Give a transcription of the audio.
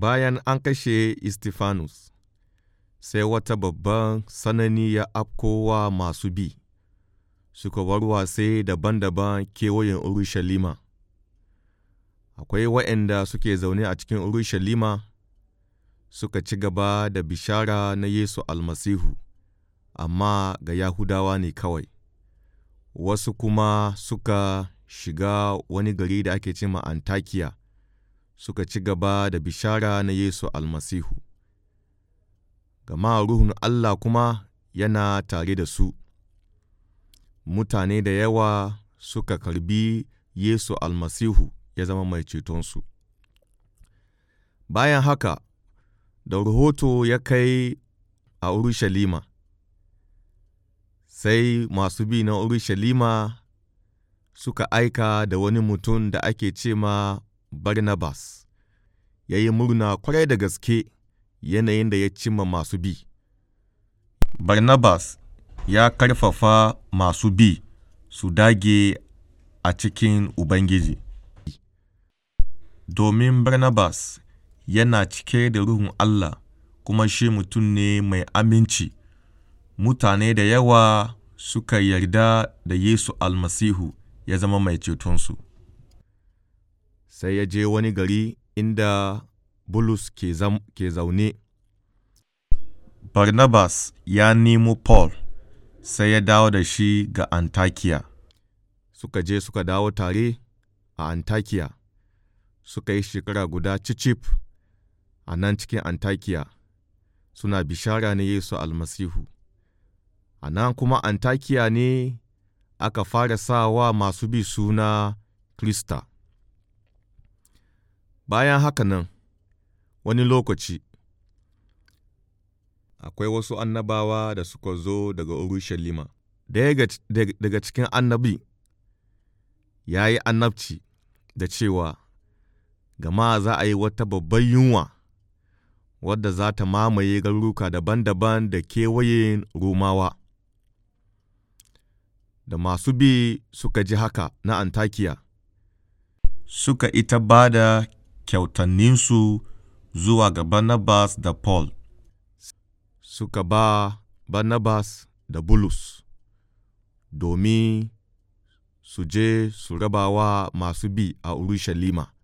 Bayan an kashe Istifanus, sai wata babban sanani ya afko wa masu bi, suka sai daban-daban kewayen Urushalima. Akwai waɗanda suke zaune a cikin Urushalima suka ci gaba da bishara na Yesu almasihu, amma ga Yahudawa ne kawai, wasu kuma suka shiga wani gari da ake cima Antakiya suka ci gaba da bishara na Yesu almasihu, gama Ruhun Allah kuma yana tare da su, mutane da yawa suka karbi Yesu almasihu ya zama mai cetonsu. Bayan haka, da rahoto ya kai a Urushalima, sai masu bi na Urushalima suka aika da wani mutum da ake ce ma Barnabas, ya yi murna kwarai da gaske yanayin da ya cimma masu bi. Barnabas ya karfafa masu bi su dage a cikin Ubangiji. Domin Barnabas yana cike da Ruhun Allah kuma shi mutum ne mai aminci, mutane da yawa suka yarda da Yesu almasihu ya zama mai cetonsu. sai ya je wani gari inda Bulus ke zaune. Barnabas ya nemo Paul, sai ya dawo da shi ga Antakiya. Suka je suka dawo tare a Antakiya, suka yi shekara guda cicif a nan cikin Antakiya, suna bishara na Yesu almasihu. A nan kuma Antakiya ne aka fara sawa masu bi suna Krista. Bayan haka nan, wani lokaci, akwai wasu annabawa da suka zo daga Urushalima, ɗaya daga cikin annabi ya yi annabci da cewa, Gama za a yi wata babbar yunwa wadda za ta mamaye garuruka daban-daban da kewayen Romawa. Da masu bi suka ji haka na Antakiya, suka ita ba da kyautanninsu zuwa ga Barnabas da Paul. Suka ba Barnabas da Bulus domin su je su raba wa masu bi a Urushalima.